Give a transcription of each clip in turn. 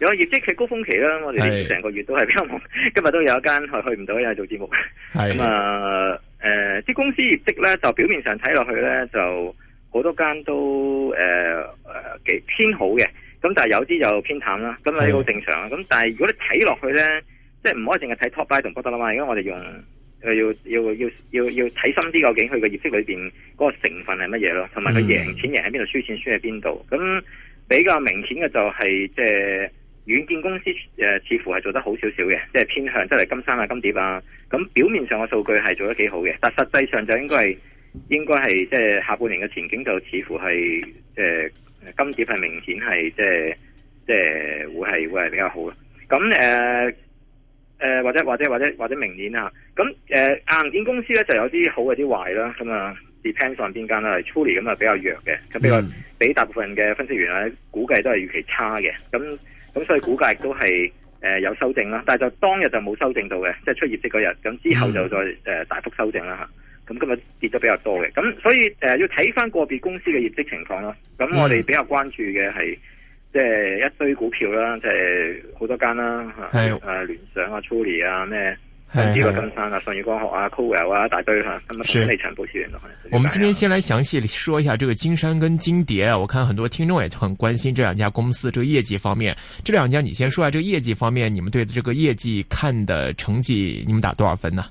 有業績喺高峰期啦，我哋啲成個月都係比較忙。今日都有一間去去唔到，因為做節目。係咁啊，誒、呃，啲公司業績咧，就表面上睇落去咧，就好多間都誒誒幾偏好嘅。咁但係有啲就偏淡啦。咁啊，好正常啊。咁但係如果你睇落去咧，即係唔可以淨係睇 top buy 同 bottom 啦嘛。如果我哋用誒，要要要要要睇深啲，究竟佢嘅業績裏邊嗰個成分係乜嘢咯？同埋佢贏錢贏喺邊度，輸、嗯、錢輸喺邊度？咁比較明顯嘅就係、是、即係。軟件公司誒、呃、似乎係做得好少少嘅，即係偏向即係、就是、金山啊、金蝶啊。咁表面上嘅數據係做得幾好嘅，但實際上就應該係應該係即係下半年嘅前景就似乎係誒、呃、金蝶係明顯係即係即係會係會係比較好啦。咁誒誒或者或者或者或者明年啊，咁誒、呃、硬件公司咧就有啲好有啲壞啦。咁啊 depends on 邊間啦，粗利咁啊比較弱嘅，咁比較比大部分嘅分析員咧估計都係預期差嘅，咁。咁所以股價亦都係誒、呃、有修正啦，但係就當日就冇修正到嘅，即係出業績嗰日，咁之後就再誒、呃、大幅修正啦嚇。咁今日跌得比較多嘅，咁所以誒、呃、要睇翻個別公司嘅業績情況啦。咁我哋比較關注嘅係即係一堆股票啦，即係好多間啦嚇，誒、啊、聯想啊、Trolley 啊咩、什麼呢個金山啊，信義光學啊，酷油啊，一大堆吓，咁啊房理產保持員咯。我們今天先來詳細說一下這個金山跟金蝶啊，我看很多聽眾也很關心這兩家公司，這個業績方面，這兩家你先說下，這個業績方面，你們對這個業績看的成績，你們打多少分、啊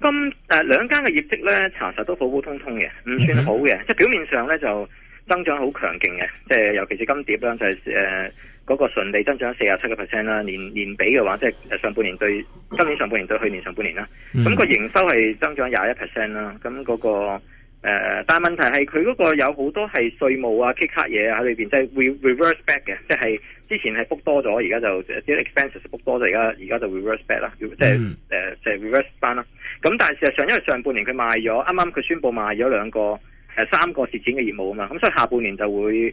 嗯、兩呢？金誒，兩間嘅業績咧，查實都普普通通嘅，唔算好嘅，即、嗯、係表面上咧就增長好強勁嘅，即係尤其是金蝶咧就係、是、誒。嗰、那個純利增長四十七個 percent 啦，年年比嘅話，即係上半年對今年上半年對去年上半年啦。咁、嗯那個營收係增長廿一 percent 啦。咁嗰、那個誒、呃，但問題係佢嗰個有好多係稅務啊、kick 卡嘢啊喺裏邊，即係 re reverse back 嘅，即係之前係 book 多咗，而家就啲 expenses book 多咗，而家而家就 reverse back 啦，即係誒即係 reverse 翻啦。咁、就是呃就是、但係事實上，因為上半年佢賣咗，啱啱佢宣布賣咗兩個誒三個蝕錢嘅業務啊嘛，咁所以下半年就會。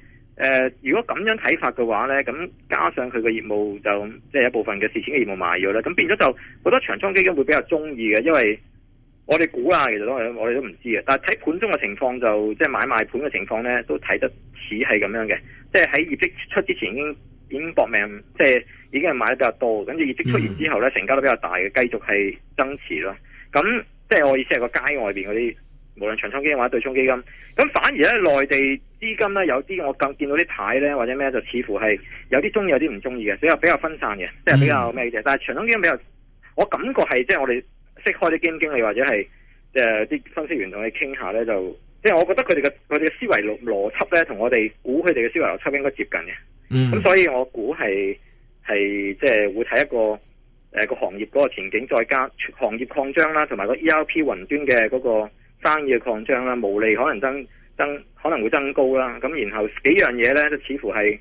誒、呃，如果咁樣睇法嘅話咧，咁加上佢個業務就即係、就是、一部分嘅蝕錢嘅業務賣咗啦，咁變咗就好多長倉基金會比較中意嘅，因為我哋估啊，其實都係我哋都唔知嘅，但係睇盤中嘅情況就即係、就是、買賣盤嘅情況咧，都睇得似係咁樣嘅，即係喺業績出之前已經已經搏命，即、就、係、是、已經係買得比較多，跟住業績出現之後咧，成交都比較大嘅，繼續係增持啦。咁即係我意思係個街外邊嗰啲，無論長倉基金或者對沖基金，咁反而咧內地。資金咧有啲，我見見到啲睇咧或者咩就似乎係有啲中意，有啲唔中意嘅，比較比較分散嘅，即係比較咩嘅、嗯。但係長中堅比較，我感覺係即係我哋識開啲基金經理或者係誒啲分析員同你傾下咧，就即係我覺得佢哋嘅佢哋嘅思維邏邏輯咧，同我哋估佢哋嘅思維邏輯應該接近嘅。咁、嗯、所以我估係係即係會睇一個誒個行業嗰個前景，再加行業擴張啦，同埋個 ERP 雲端嘅嗰個生意嘅擴張啦，毛利可能增。增可能會增高啦，咁然後幾樣嘢咧，都似乎係，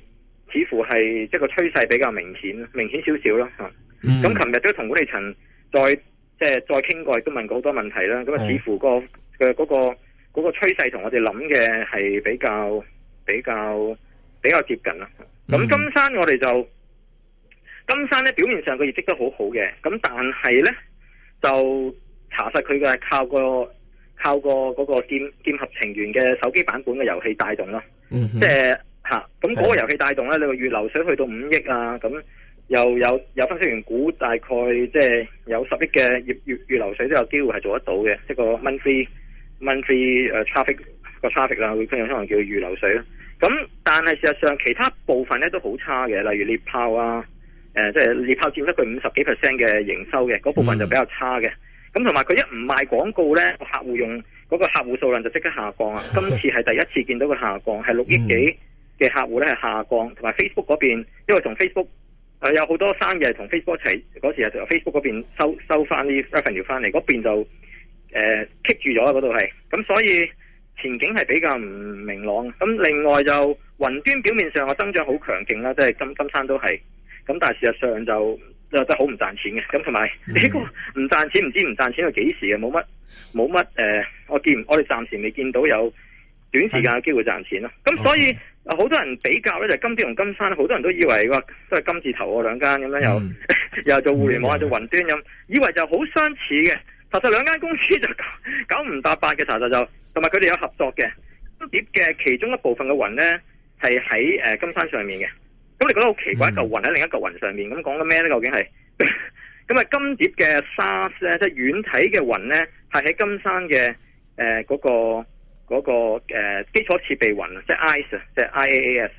似乎係即係個趨勢比較明顯，明顯少少咯吓。咁琴日都同管理層再即係再傾過，亦都問過好多問題啦。咁啊，似乎、嗰個嘅嗰、oh. 個嗰個趨勢同我哋諗嘅係比較比較比較接近啦。咁、mm-hmm. 金山我哋就，金山咧表面上個業績都好好嘅，咁但係咧就查實佢嘅係靠個。透過嗰個劍劍俠情緣嘅手機版本嘅遊戲帶動咯、嗯，即係吓咁嗰個遊戲帶動咧，你、嗯、個月流水去到五億啊，咁又有有分析員估，大概即係有十億嘅月月月流水都有機會係做得到嘅，一個 monthly monthly 誒、uh, traffic 個、啊、traffic 啦、啊，分享可能叫月流水咯。咁但係事實上其他部分咧都好差嘅，例如獵豹啊，誒、呃、即係獵豹佔得佢五十幾 percent 嘅營收嘅，嗰部分就比較差嘅。嗯咁同埋佢一唔賣廣告呢，咧，客戶用嗰個客戶數量就即刻下降。今次係第一次見到佢下降，係六億幾嘅客戶呢係下降，同埋 Facebook 嗰邊，因為同 Facebook 有好多生意係同 Facebook 一齊嗰時，就 Facebook 嗰邊收收翻啲 Revenue 翻嚟，嗰邊就誒棘、呃、住咗嗰度係。咁所以前景係比較唔明朗。咁另外就雲端表面上嘅增長好強勁啦，即係金金山都係。咁但係事實上就。真係好唔賺錢嘅，咁同埋呢個唔賺錢，唔、嗯、知唔賺錢到幾時嘅，冇乜冇乜誒，我見我哋暫時未見到有短時間嘅機會賺錢咯。咁所以好、okay. 多人比較咧，就金蝶同金山，好多人都以為話都係金字頭喎，兩間咁樣又又做互聯網、嗯、啊做雲端咁，以為就好相似嘅，其實兩間公司就九唔搭八嘅，其實就同埋佢哋有合作嘅，金蝶嘅其中一部分嘅雲咧係喺誒金山上面嘅。咁你覺得好奇怪、嗯、一嚿雲喺另一嚿雲上面咁講緊咩呢？究竟係咁啊？金蝶嘅 SaaS 咧，即係軟體嘅雲咧，係喺金山嘅誒嗰個嗰、那個呃、基礎設備雲，即係 IaaS，即係 IAAS。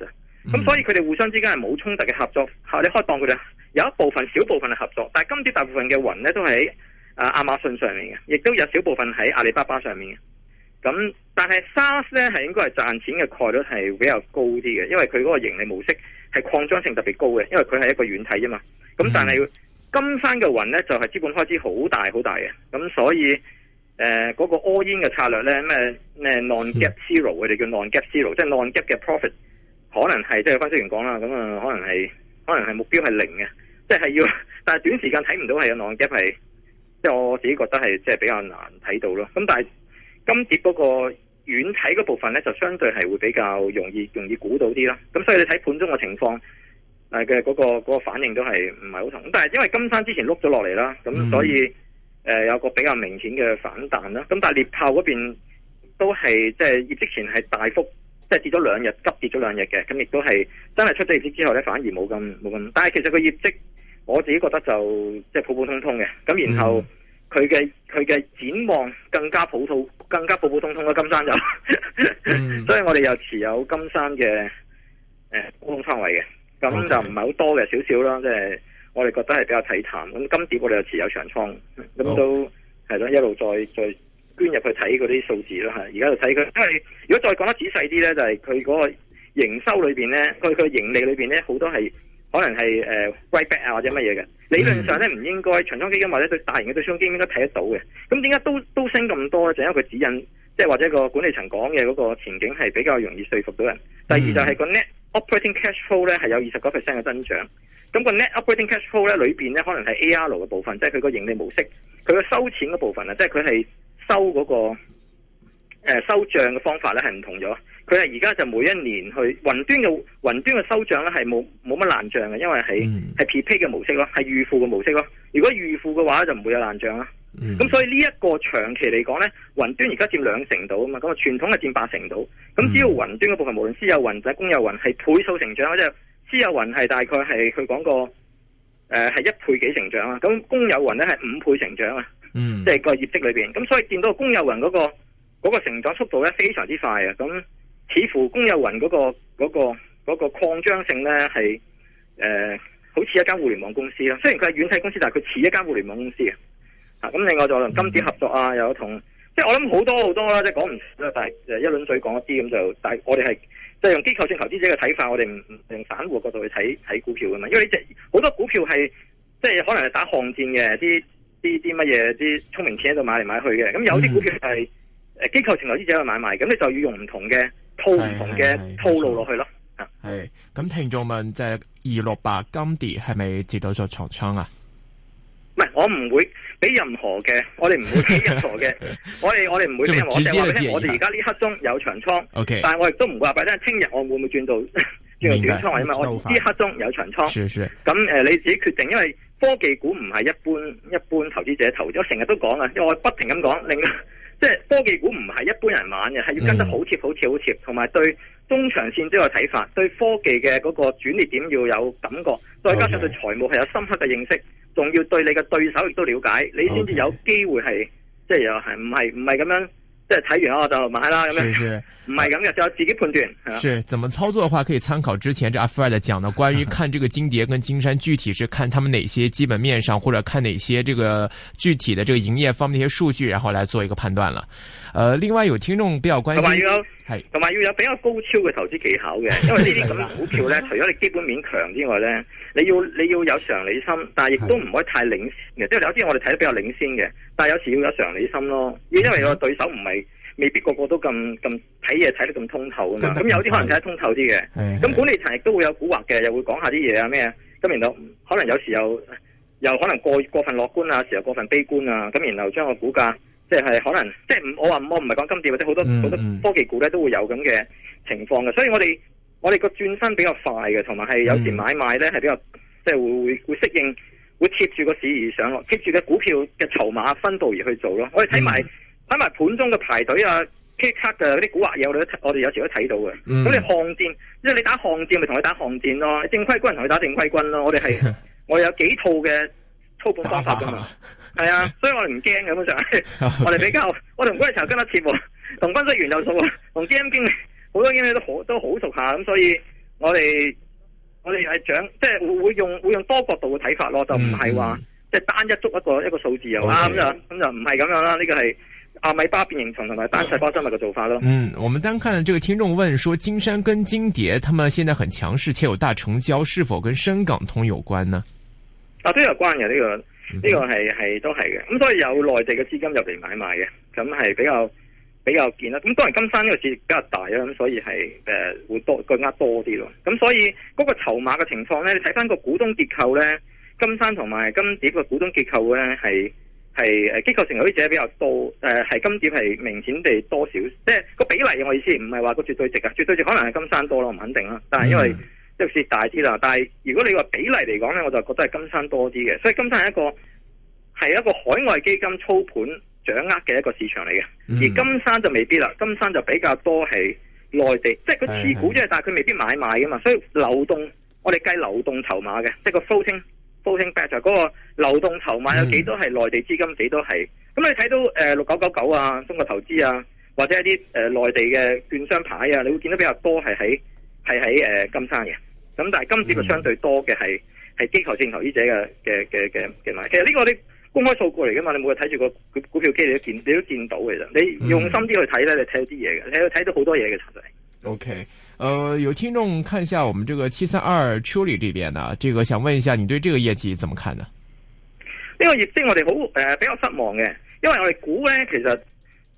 咁、嗯、所以佢哋互相之間係冇衝突嘅合作。你開檔，佢哋有一部分小部分係合作，但係金蝶大部分嘅雲咧都係喺阿亞馬遜上面嘅，亦都有少部分喺阿里巴巴上面嘅。咁但係 SaaS 咧係應該係賺錢嘅概率係比較高啲嘅，因為佢嗰個盈利模式。係擴張性特別高嘅，因為佢係一個軟體啫嘛。咁但係金山嘅雲咧就係資本開支好大好大嘅。咁所以誒嗰個 all-in 嘅策略咧，咩咩 non-gap zero，我哋叫 non-gap zero，即係 non-gap 嘅 profit 可能係，即係分析員講啦，咁啊可能係可能係目標係零嘅，即係要，但係短時間睇唔到係有 non-gap 係，即係我自己覺得係即係比較難睇到咯。咁但係金蝶嗰個。軟件嗰部分咧，就相對係會比較容易容易估到啲啦。咁所以你睇盤中嘅情況，誒嘅嗰個、嗰個反應都係唔係好同。但係因為金山之前碌咗落嚟啦，咁所以誒、嗯呃、有個比較明顯嘅反彈啦。咁但係獵豹嗰邊都係即係業績前係大幅即係、即係、跌咗兩日，急跌咗兩日嘅。咁亦都係真係出咗業績之後咧，反而冇咁冇咁。但係其實個業績我自己覺得就即係、即係、普普通通嘅。咁然後佢嘅佢嘅展望更加普通。更加普普通通嘅金山就、 嗯，所以我哋又持有金山嘅，誒、欸，高倉位嘅，咁就唔係好多嘅，少少啦，即係、就是、我哋覺得係比較睇淡。咁金蝶我哋又持有長倉，咁都係咯、哦，一路再再捐入去睇嗰啲數字啦吓，而家就睇佢，因為如果再講得仔細啲咧，就係佢嗰個營收裏邊咧，佢個盈利裏邊咧，好多係。可能係誒 buy back 啊或者乜嘢嘅，理論上咧，唔應該長倉基金或者對大型嘅對沖基金應該睇得到嘅，咁點解都都升咁多咧？就因為佢指引，即係或者個管理層講嘅嗰個前景係比較容易說服到人。第二就係個 net operating cash flow 咧係有二十個 percent 嘅增長，咁個 net operating cash flow 咧裏面咧可能係 AR 嘅部分，即係佢個盈利模式，佢個收錢嗰部分啊，即係佢係收嗰個收帳嘅方法咧係唔同咗。佢係而家就每一年去雲端嘅雲端嘅收漲咧，係冇冇乜爛賬嘅，因為係係 P P 嘅模式咯，係預付嘅模式咯。如果預付嘅話就唔會有爛賬啦。咁、嗯、所以呢一個長期嚟講咧，雲端而家佔兩成度啊嘛，咁啊傳統係佔八成度。咁、嗯、只要雲端嘅部分，無論私有雲定公有雲，係倍數成長，即私有雲係大概係佢講個誒係一倍幾成長啊。咁公有雲咧係五倍成長啊。即係個業績裏邊，咁所以見到公有雲嗰、嗰個、嗰個成長速度咧非常之快啊。咁似乎公有雲嗰、那個嗰、那個嗰、那個、擴張性咧係誒，好似一間互聯網公司啦。雖然佢係軟件公司，但係佢似一間互聯網公司嘅。嚇、啊、咁，另外就同金蝶合作啊，又有同即係我諗好多好多啦，即係講唔少啦。但係誒一輪嘴講一啲咁就，但係我哋係即係用機構性投資者嘅睇法，我哋唔唔用散戶角度去睇睇股票嘅嘛。因為你隻好多股票係即係可能係打巷戰嘅，啲啲啲乜嘢，啲聰明錢喺度買嚟買去嘅。咁有啲股票係誒機構性投資者去買賣，咁你就要用唔同嘅。套唔同嘅套路落去咯，係，咁聽眾問就係二六八金蝶係咪接到咗長倉啊？唔係、嗯嗯嗯嗯，我唔會俾任何嘅， 我哋唔 會俾任何嘅， 我哋 我哋唔會俾任何。我哋而家呢刻中有長倉。Okay，但係我亦都唔會話俾你聽，聽日我會唔會轉到 轉到短倉啊？因為我呢刻中有長倉。咁誒、呃，你自己決定，因為科技股唔係一般一般投資者投資，我成日都講啊，因為我不停咁講，令。即係科技股唔係一般人玩嘅，係要跟得好貼、好貼、好貼，同埋對中長線都有睇法，對科技嘅嗰個轉捩點要有感覺，再加上對財務係有深刻嘅認識，仲要對你嘅對手亦都了解，你先至有機會係，即係又係唔係唔係咁樣。即係睇完我就買啦咁樣，唔係咁嘅，就自己判斷。是，怎麼操作嘅話，可以參考之前這阿 Fred 講到關於看這個金蝶跟金山，具體是看他們哪些基本面上，或者看哪些這個具體的這個營業方面一些數據，然後來做一個判斷了。呃，另外有聽眾比較關心，同埋要有，係同埋要有比較高超嘅投資技巧嘅，因為呢啲咁嘅股票咧， 除咗你基本面強之外咧，你要你要有常理心，但係亦都唔可以太領先，即係有啲我哋睇得比較領先嘅。但係有時要有常理心咯，因為個對手唔係未必個個都咁咁睇嘢睇得咁通透啊嘛。咁、嗯、有啲可能睇得通透啲嘅。咁、嗯嗯、管理層亦都會有蠱惑嘅，又會講下啲嘢啊咩？咁然後可能有時又又可能過過分樂觀啊，有時候過分悲觀啊。咁然後將個股價即係可能即係、就是、我話我唔係講金店，或者好多好、嗯、多科技股咧都會有咁嘅情況嘅。所以我哋我哋個轉身比較快嘅，同埋係有時買賣咧係比較即係、就是、會會會適應。會貼住個市而上咯，貼住嘅股票嘅籌碼分布而去做咯。我哋睇埋睇埋盤中嘅排隊啊，K 卡嘅嗰啲蠱惑嘢，我哋我哋有時都睇到嘅。咁、嗯、你巷戰，因為你打巷戰咪同佢打巷戰咯，正規軍人同佢打正規軍咯。我哋係 我有幾套嘅操盤方法噶嘛，係 啊，所以我哋唔驚嘅，本上 我哋比較，我同軍叔又跟得切，同軍叔完又數啦，同基金經理好多經理都好都好熟下咁，所以我哋。我哋係將，即係會會用會用多角度嘅睇法咯，就唔係話即係單一捉一個一個數字又啱咁，okay. 就咁就唔係咁樣啦。呢，這個係阿米巴變形蟲同埋單細胞生物嘅做法咯。嗯，我們單看這個聽眾問說，金山跟金蝶，他們現在很強勢且有大成交，是否跟深港通有關呢？啊，都有關嘅呢，這個呢，這個係係，嗯這個，都係嘅。咁所以有內地嘅資金入嚟買賣嘅，咁係比較。比較健啦，咁當然金山呢個市值比較大啦，咁所以係誒、呃、會多更加多啲咯，咁所以嗰、那個籌碼嘅情況咧，你睇翻個股東結構咧，金山同埋金蝶個股東結構咧係係誒機構持有者比較多，誒、呃、係金蝶係明顯地多少，即、就、係、是、個比例我意思唔係話個絕對值啊，絕對值可能係金山多咯，唔肯定啦，但係因為呢個市值大啲啦，但係如果你話比例嚟講咧，我就覺得係金山多啲嘅，所以金山係一個係一個海外基金操盤。掌握嘅一個市場嚟嘅，而金山就未必啦，金山就比較多係內地，即係佢持股，即係、嗯，但係佢未必買賣噶嘛，所以流動，我哋計流動籌碼嘅，即係個 floating floating factor 嗰個流動籌碼有幾多係內地資金，幾、嗯、多係，咁、嗯，你睇到誒六九九九啊，中國投資啊，或者一啲誒內地嘅券商牌啊，你會見得比較多係喺係喺誒金山嘅，咁但係今次相對多嘅係係機構性投資者嘅嘅嘅嘅買，其實呢個啲。公開數據嚟噶嘛？你每日睇住個股票機，你都見，你都見到嘅啫。你用心啲去睇咧，你睇到啲嘢嘅，你睇到好多嘢嘅其實。O K，誒，有聽眾看一下我們這個七三二 Truly 呢邊啊，呢、這個想問一下你對這個業績怎麼看呢？呢、這個業績我哋好誒比較失望嘅，因為我哋估咧其實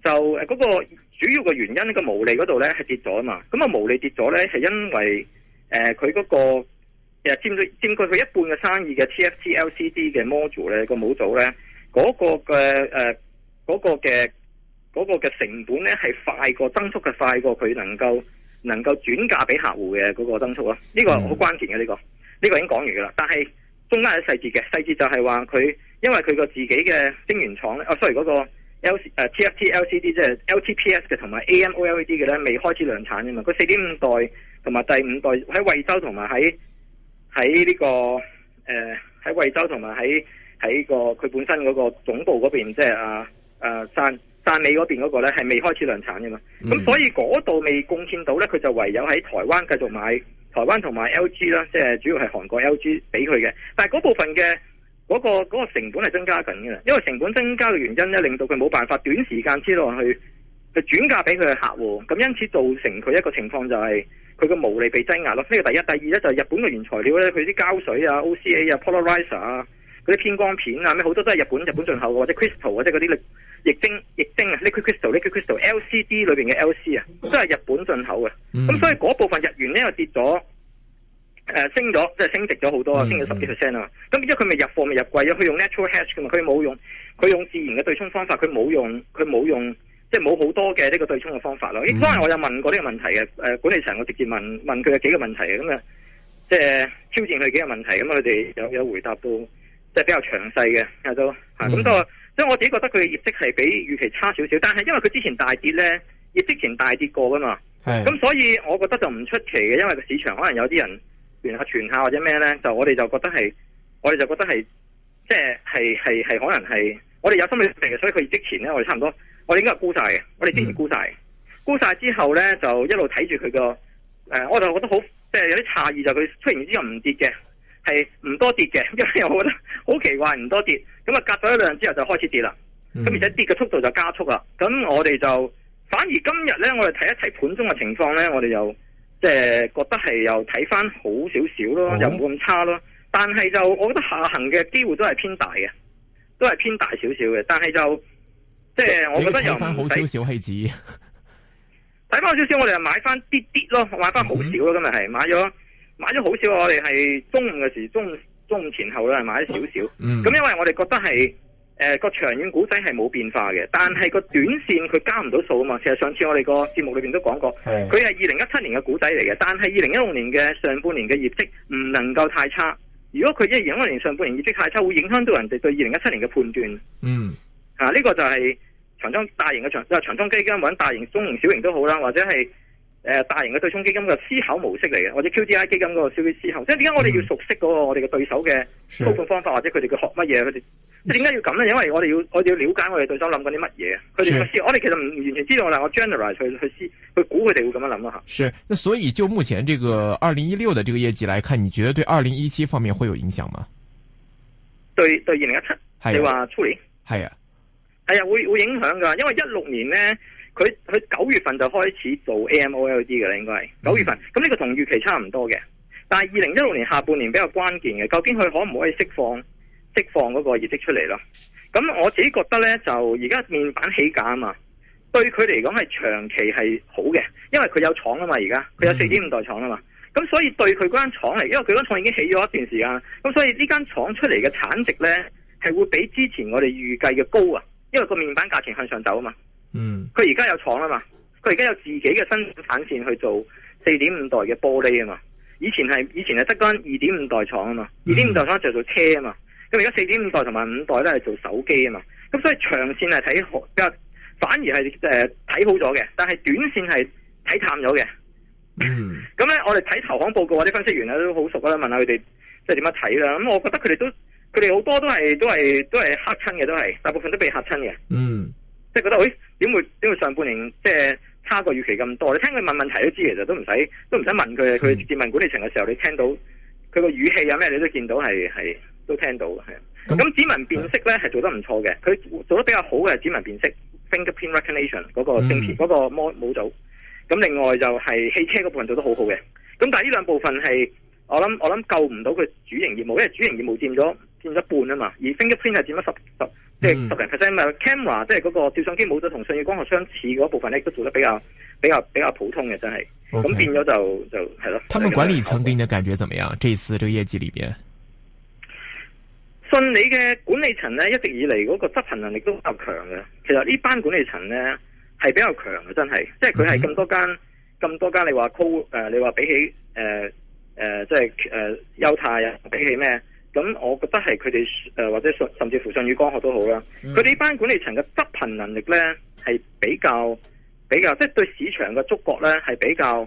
就誒嗰個主要嘅原因，呢、那個毛利嗰度咧係跌咗啊嘛。咁、那、啊、個、毛利跌咗咧係因為誒佢嗰個。誒，佔咗占據佢一半嘅生意嘅 TFT LCD 嘅模組咧，那個模組咧，嗰、那個嘅誒，嗰、呃那個嘅、那個嘅成本咧，係快過增速嘅，快過佢能夠能夠轉嫁俾客戶嘅嗰個增速咯。呢、這個好關鍵嘅呢個，呢、這個已經講完噶啦。但係中間有細節嘅，細節就係話佢因為佢個自己嘅晶圓廠咧，哦、啊、，sorry，嗰個 L 誒、呃、TFT LCD 即係 LTPS 嘅同埋 AMOLED 嘅咧，未開始量產啫嘛。佢四點五代同埋第五代喺惠州同埋喺。喺呢、這個誒，喺、呃、惠州同埋喺喺個佢本身嗰個總部嗰邊，即、就、係、是、啊啊汕汕尾嗰邊嗰個咧，係未開始量產嘅嘛。咁、嗯、所以嗰度未貢獻到咧，佢就唯有喺台灣繼續買台灣同埋 LG 啦，即係主要係韓國 LG 俾佢嘅。但係嗰部分嘅嗰、那個、那個成本係增加緊嘅啦，因為成本增加嘅原因咧，令到佢冇辦法短時間之內去就轉嫁俾佢嘅客戶，咁因此造成佢一個情況就係佢嘅毛利被擠壓咯。呢個第一，第二咧就係日本嘅原材料咧，佢啲膠水啊、OCA 啊、polarizer 啊、嗰啲偏光片啊，咩好多都係日本日本進口嘅，或者 crystal 或者嗰啲液晶、液晶啊、liquid crystal、liquid crystal、LCD 裏面嘅 LC 啊，都係日本進口嘅。咁、嗯、所以嗰部分日元咧又跌咗、呃，升咗，即係升值咗好多，嗯、升咗十幾 percent 啊。咁而且佢咪入貨咪入貴啊？佢用 natural hedge 嘅嘛，佢冇用，佢用自然嘅對沖方法，佢冇用，佢冇用。即係冇好多嘅呢、這個對沖嘅方法咯。當然我有問過呢個問題嘅，誒、嗯呃、管理層，我直接問問佢有幾個問題嘅，咁啊，即係挑戰佢幾個問題，咁佢哋有、嗯、有,有回答到，即係比較詳細嘅都吓。咁個，即係、嗯嗯、我自己覺得佢嘅業績係比預期差少少，但係因為佢之前大跌咧，業績前大跌過噶嘛，咁所以我覺得就唔出奇嘅，因為個市場可能有啲人聯合全下或者咩咧，就我哋就覺得係我哋就覺得係即係係係係可能係我哋有心理成嘅，所以佢業績前咧，我哋差唔多。我哋應該係沽晒嘅，我哋之前沽晒，嗯，沽晒之後咧就一路睇住佢個，誒、呃，我就覺得好，即、呃、係有啲詫異，就佢突然之間唔跌嘅，係唔多跌嘅，因為我覺得好奇怪，唔多跌，咁啊隔咗一兩日之後就開始跌啦，咁、嗯、而且跌嘅速度就加速啦，咁我哋就反而今日咧，我哋睇一睇盤中嘅情況咧，我哋又即係覺得係又睇翻好少少咯，好又冇咁差咯，但係就我覺得下行嘅機會都係偏大嘅，都係偏大少少嘅，但係就。即係我覺得有翻好少少氣子，睇翻少少，我哋就買翻啲啲咯，買翻好少咯，今日係買咗買咗好少。我哋係中午嘅時，中午中午前後咧，係買咗少少。咁因為我哋覺得係誒個長遠股仔係冇變化嘅，但係個短線佢加唔到數啊嘛。其實上次我哋個節目裏邊都講過，佢係二零一七年嘅股仔嚟嘅，但係二零一六年嘅上半年嘅業績唔能夠太差。如果佢一二零一六年上半年業績太差，會影響到人哋對二零一七年嘅判斷。嗯。嗱、啊，呢、這個就係長中大型嘅長，長中基金或者大型、中型、小型都好啦，或者係誒、呃、大型嘅對沖基金嘅思考模式嚟嘅，或者 QDII 基金嗰個小小思考。即係點解我哋要熟悉嗰個我哋嘅對手嘅操作方法，或者佢哋嘅學乜嘢？佢哋點解要咁咧？因為我哋要我哋要了解我哋對手諗緊啲乜嘢。佢哋嘅思，我哋其實唔完全知道，但我 generalize 去去思去估佢哋會咁樣諗咯吓。是，所以就目前呢個二零一六嘅這個業績嚟看，你覺得對二零一七方面會有影響嗎？對對二零一七，你話初年係啊。係啊，會會影響噶，因為一六年呢，佢佢九月份就開始做 AMOLED 噶啦，應該係九月份。咁、mm-hmm. 呢個同預期差唔多嘅。但係二零一六年下半年比較關鍵嘅，究竟佢可唔可以釋放釋放嗰個業績出嚟咯？咁我自己覺得呢，就而家面板起價啊嘛，對佢嚟講係長期係好嘅，因為佢有廠啊嘛，而家佢有四點五代廠啊嘛。咁、mm-hmm. 所以對佢間廠嚟，因為佢間廠已經起咗一段時間，咁所以呢間廠出嚟嘅產值呢，係會比之前我哋預計嘅高啊。因為個面板價錢向上走啊嘛，嗯，佢而家有廠啊嘛，佢而家有自己嘅生產線去做四點五代嘅玻璃啊嘛，以前係以前係得嗰間二點五代廠啊嘛，二點五代廠就做車啊嘛，咁而家四點五代同埋五代都係做手機啊嘛，咁所以長線係睇比較反而係誒睇好咗嘅，但係短線係睇淡咗嘅，嗯，咁咧我哋睇投行報告或者分析員咧都好熟啦，問下佢哋即係點樣睇啦，咁我覺得佢哋都。佢哋好多都係都係都係嚇親嘅，都係大部分都被嚇親嘅。嗯，即係覺得，誒、哎、點會點會上半年即係差過預期咁多？你聽佢問問題都知，其實都唔使都唔使問佢。佢質問管理層嘅時候，你聽到佢個語氣有咩，你都見到係係都聽到嘅。係咁，指紋辨識咧係做得唔錯嘅，佢做得比較好嘅指紋辨識 （fingerprint recognition） 嗰個晶片嗰、嗯嗰個模組。咁另外就係汽車嗰部分做得好好嘅。咁但係呢兩部分係我諗我諗救唔到佢主營業務，因為主營業務佔咗。佔一半啊嘛，而升一 i n k 係佔咗十十即係十零 percent Camera 即係嗰個照相機冇咗同信宇光學相似嗰部分咧，都做得比較比較比較普通嘅，真係。咁、okay. 變咗就就係咯。他們管理層給你的感覺怎麼樣？這次這個業績裏邊，信理嘅管理層咧，一直以嚟嗰個執行能力都比較強嘅。其實呢班管理層咧係比較強嘅，真係，即係佢係咁多間咁多間，你話 call 誒，你話比起誒誒，即係誒優泰啊，比起咩？咁我覺得係佢哋誒或者甚甚至乎信宇光學都好啦，佢哋呢班管理層嘅執行能力咧係比較比較，即係對市場嘅觸覺咧係比較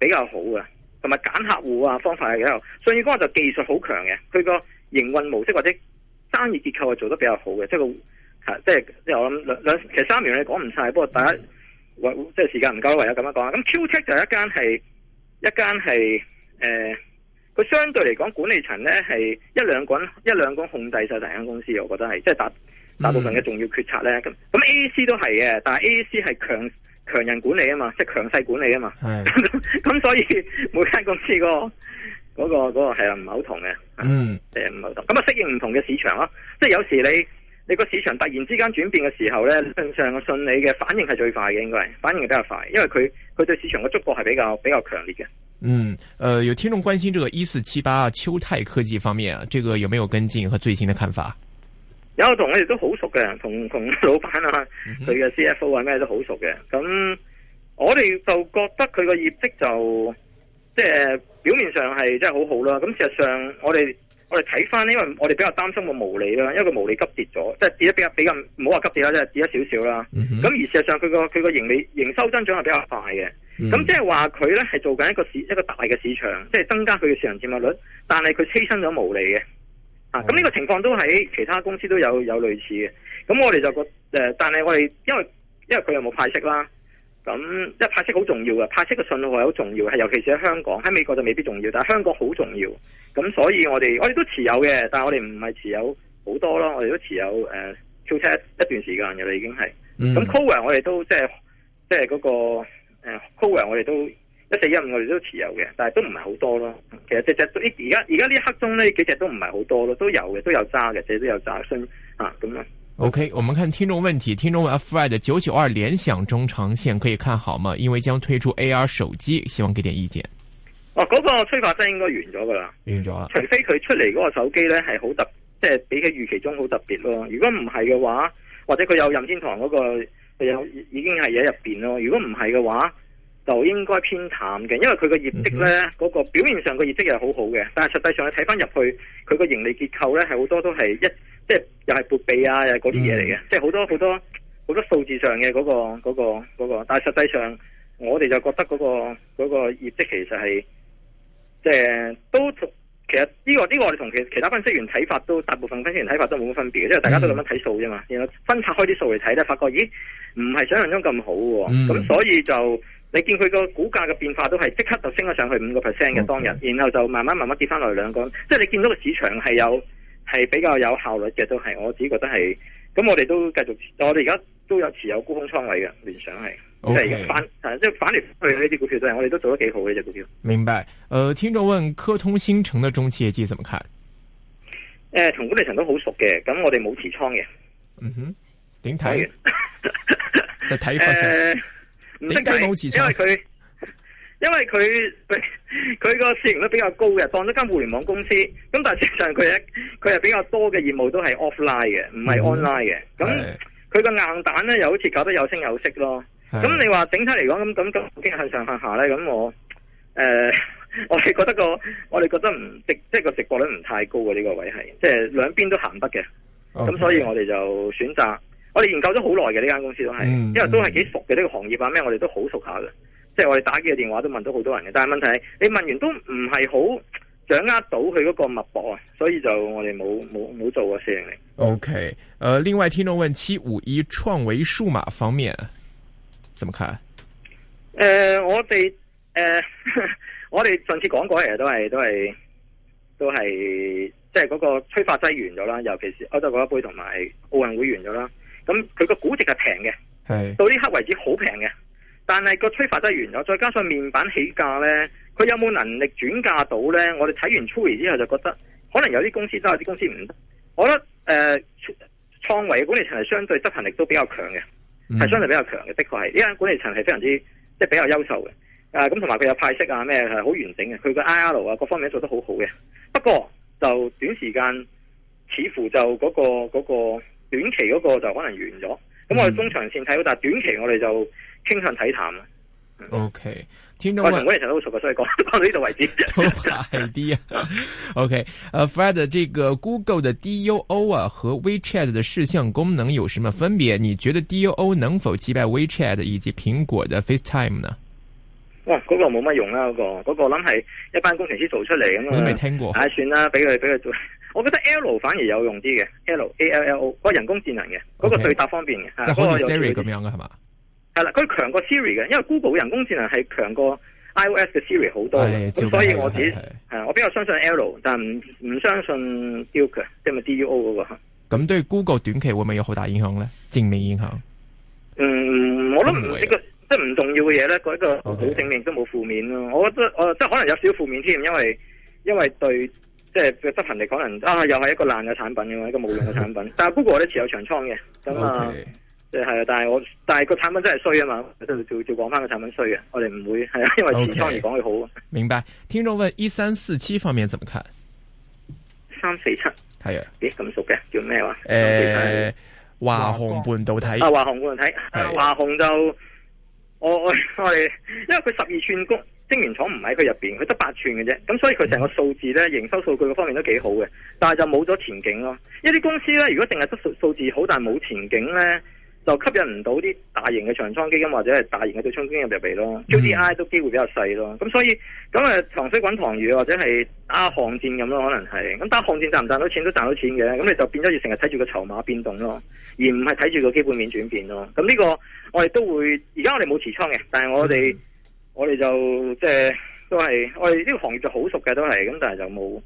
比較好嘅，同埋揀客戶啊方法係比較好。信宇光學就技術好強嘅，佢個營運模式或者生意結構係做得比較好嘅，即係即係即係我諗兩其實三秒你講唔晒，不過大家、呃、即係時間唔夠，唯有咁樣講咁 Q Tech 就一間係一間係誒。呃佢相對嚟講，管理層咧係一兩滾一兩個控制晒成間公司，我覺得係即係大大部分嘅重要決策咧。咁、嗯、咁 A E C 都係嘅，但係 A E C 係強強人管理啊嘛，即係強勢管理啊嘛。係咁 所以每間公司的、那個嗰、那個嗰、那個係啊唔係好同嘅。嗯，誒唔係好同。咁啊適應唔同嘅市場咯。即係有時你你個市場突然之間轉變嘅時候咧，相信你嘅反應係最快嘅，應該係反應係比較快，因為佢佢對市場嘅觸覺係比較比較強烈嘅。嗯、誒、呃，有聽眾關心這個一四七八秋泰科技方面，這個有沒有跟進和最新的看法？有，同我哋都好熟嘅，同同老闆啊，佢、嗯、嘅 CFO 啊咩都好熟嘅。咁我哋就覺得佢個業績就即係、就是、表面上係真係好好啦。咁事實上我哋。我哋睇翻，因為我哋比較擔心個毛利啦，因為個毛利急跌咗，即係跌得比較比較，唔好話急跌啦，即係跌咗少少啦。咁、mm-hmm. 而事實上佢個佢個盈利營收增長係比較快嘅。咁、mm-hmm. 即係話佢咧係做緊一個市一個大嘅市場，即係增加佢嘅市場佔有率，但係佢犧牲咗毛利嘅。Oh. 啊，咁、這、呢個情況都喺其他公司都有有類似嘅。咁我哋就覺誒、呃，但係我哋因為因為佢又冇派息啦。咁即係派息好重要嘅，派息嘅信號係好重要，係尤其是喺香港，喺美國就未必重要，但係香港好重要。咁所以我哋我哋都持有嘅，但係我哋唔係持有好多咯，我哋都持有誒、呃、跳車一,一段時間嘅啦，已經係。咁、嗯、Cover 我哋都即係即係嗰個、呃、Cover，我哋都一四一五我哋都持有嘅，但係都唔係好多咯。其實隻只都依而家而家呢一刻鐘呢幾隻都唔係好多咯，都有嘅，都有揸嘅，甚至都有揸升嚇咁 OK，我們看聽眾問題。聽眾問 F Y 的九九二聯想中長線可以看好嗎？因為將推出 A R 手機，希望給點意見。哦，嗰、那個催化劑應該完咗噶啦，完咗啦。除非佢出嚟嗰個手機咧係好特，即、就、係、是、比起預期中好特別咯。如果唔係嘅話，或者佢有任天堂嗰、那個有已經係喺入邊咯。如果唔係嘅話，就應該偏淡嘅，因為佢個業績咧嗰個表面上個業績係好好嘅，但係實際上你睇翻入去，佢個盈利結構咧係好多都係一即係。就是就係撥備啊，嗰啲嘢嚟嘅，即係好多好多好多數字上嘅嗰個嗰個嗰個，但係實際上我哋就覺得嗰個嗰個業績其實係即係都同其實呢個呢個我哋同其其他分析員睇法都大部分分析員睇法都冇乜分別嘅，因為大家都咁樣睇數啫嘛、嗯。然後分拆開啲數嚟睇咧，發覺咦唔係想象中咁好喎。咁、嗯、所以就你見佢個股價嘅變化都係即刻就升咗上去五個 percent 嘅當日，然後就慢慢慢慢跌翻落嚟兩個。即、嗯、係，你見到個市場係有。係比較有效率嘅，都係，我自己覺得係。咁我哋都繼續，我哋而家都有持有沽空倉位嘅，聯想係，即、就、係、是、反，即、okay. 係反跌去呢啲股票都，真係我哋都做得幾好嘅隻股票。明白。誒、呃，聽眾問科通新城嘅中期業績怎麼看？誒、呃，同管理層都好熟嘅，咁我哋冇持倉嘅。嗯哼，點睇？就睇誒，唔識解，因為佢。因為佢佢個市盈率比較高嘅，當咗間互聯網公司，咁但係實際上佢咧佢係比較多嘅業務都係 offline 嘅，唔係 online 嘅。咁佢個硬蛋咧又好似搞得有聲有色咯。咁你話整體嚟講咁咁咁，今日向上向下咧，咁我誒、呃，我係覺得個我哋覺得唔直即係個值博率唔太高嘅呢、這個位係，即係兩邊都行得嘅。咁、okay. 所以我哋就選擇，我哋研究咗好耐嘅呢間公司都係、嗯，因為都係幾熟嘅呢、這個行業啊咩，我哋都好熟下嘅。.即、就、係、是，我哋打幾個電話都問到好多人嘅，但係問題係你問完都唔係好掌握到佢嗰個脈搏啊，所以就我哋冇冇冇做過四零零嚟。O K，誒，另外聽眾問七五一創維數碼方面，怎麼看？誒、呃，我哋誒、呃，我哋上次講過都，其實都係都係都係即係嗰個催化劑完咗啦，尤其是歐洲國家杯同埋奧運會完咗啦，咁佢個估值係平嘅，係到呢刻為止好平嘅。但係個催化劑完咗，再加上面板起價呢，佢有冇能力轉嫁到呢？我哋睇完 t w 之後就覺得，可能有啲公司有，有啲公司唔得。我覺得誒、呃、創維管理層係相對執行力都比較強嘅，係、嗯、相對比較強嘅，的確係呢間管理層係非常之即係、就是、比較優秀嘅。咁同埋佢有派息啊咩係好完整嘅，佢個 I.R. 啊各方面做得好好嘅。不過就短時間似乎就嗰、那個嗰、那個、短期嗰個就可能完咗。咁我哋中長線睇到、嗯，但係短期我哋就。傾向睇淡啊 O K，聽眾我同人成日都熟所以講，講到呢度為止。好大啲啊。O K，誒，Fred，呢個 Google 嘅 Duo 啊和 WeChat 嘅視像功能有什麼分別？嗯、你覺得 Duo 能否擊敗 WeChat 以及蘋果嘅 FaceTime 呢？哇，嗰、那個冇乜用啦、啊，嗰、那個嗰、那個諗係一班工程師做出嚟咁啊。我都未聽過。唉、啊，算啦，俾佢俾佢做。我覺得 L 反而有用啲嘅，L A L L O，嗰個人工智能嘅，嗰、okay，個對答方便嘅，即係好似 Siri 咁樣嘅係嘛？係啦，佢強過 Siri 嘅，因為 Google 人工智能係強過 iOS 嘅 Siri 好多，咁所以我只係啊，我比較相信 L，r r 但唔唔相信 Duke，即係咪 Duo 嗰、嗰個？咁對 Google 短期會唔會有好大影響咧？正面影響？嗯，我都唔識個，即係唔重要嘅嘢咧，嗰一個好正面都冇負面咯。Okay. 我覺得，我即係可能有少少負面添，因為因為對即係個執行力可能啊，又係一個爛嘅產品嘅話，一個冇用嘅產品。 但係 Google 我咧持有長倉嘅，咁、嗯、啊。Okay. 誒係啊，但係我但係個產品真係衰啊嘛，即係講講返個產品衰嘅，我哋唔會係啊，因為持倉而講佢好。Okay. 明白。聽眾問一三四七方面怎麼看？三四七係啊？咦咁熟嘅叫咩話？誒華虹半導體。啊華虹半導體。華虹就我我我哋因為佢十二寸公晶圓廠唔喺佢入邊，佢得八寸嘅啫，咁所以佢成個數字咧，營、嗯、收數據各方面都幾好嘅，但係就冇咗前景咯、啊。一啲公司咧，如果淨係得數數字好，但係冇前景咧。就吸引唔到啲大型嘅長倉基金或者係大型嘅對沖基金入入嚟咯，J、mm. D I 都機會比較細咯，咁所以咁誒糖水滾糖魚，或者係啊巷戰咁咯，可能係，咁打巷戰賺唔賺到錢都賺到錢嘅，咁你就變咗要成日睇住個籌碼變動咯，而唔係睇住個基本面轉變咯，咁呢個我哋都會，而家我哋冇持倉嘅，但係我哋、mm. 我哋就即係都係我哋呢個行業就好熟嘅都係，咁但係就冇。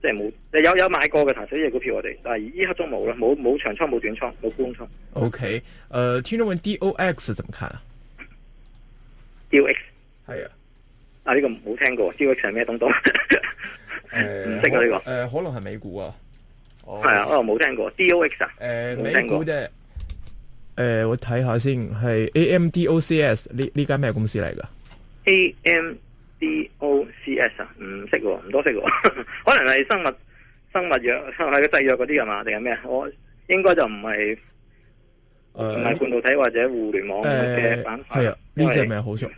即係冇，有有買過嘅騰水呢隻股票我哋，但係依刻都冇啦，冇冇長倉，冇短倉，冇空倉。O K，誒，聽眾問 D O X 怎麼看啊？D O X 係啊，啊呢、這個冇聽過，D O X 係咩東東？唔識啊呢個。誒、呃，可能係美股啊。哦，係啊，哦冇聽過 D O X 啊。誒、呃，美股啫。誒、呃，我睇下先，係 A M D O C S 呢呢間咩公司嚟噶？A M D O C S 啊，唔識喎，唔多識喎，可能係生物生物藥，係個製藥嗰啲係嘛，定係咩？我應該就唔係唔係半導體或者互聯網嘅板塊、呃、係、哎哎嗯、啊。呢隻係咪好熟？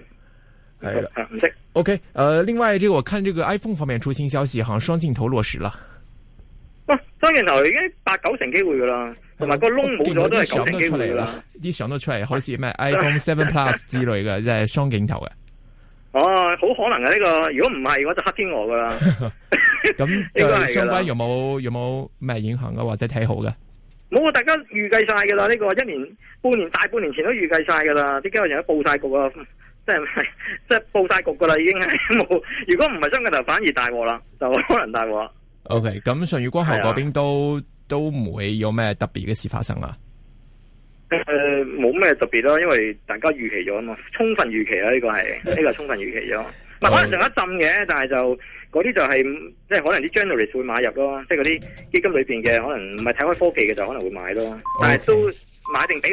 係啊，唔識。O K，誒，另外呢、這個，我看這個 iPhone 方面出新消息，好似雙鏡頭落實啦。哇、啊，雙鏡頭已經八九成機會噶啦，同、啊、埋個窿冇咗都係九成機會嚟啦，啲相都出嚟，好似咩 iPhone Seven Plus 之類嘅，即係雙鏡頭嘅。哦，好可能嘅呢、這個，如果唔係我就黑天鵝噶啦。咁呢個相關有冇有冇咩、這個、影響啊，或者睇好嘅？冇啊，大家預計晒噶啦，呢、這個一年、半年、大半年前都預計晒噶啦，啲金融人報晒局啊，即係即係報晒局噶啦，已經係冇。如果唔係真嘅，就反而大鑊啦，就可能大鑊。OK，咁上月光係嗰邊都都唔會有咩特別嘅事發生啦。誒、呃，冇咩特別咯，因為大家預期咗啊嘛，充分預期啦呢、這個係呢 個係充分預期咗。唔 係可能上一浸嘅，但係就嗰啲就係、是、即係可能啲 generalist 會買入咯，即係嗰啲基金裏邊嘅可能唔係睇開科技嘅就可能會買咯，但係都買定畀。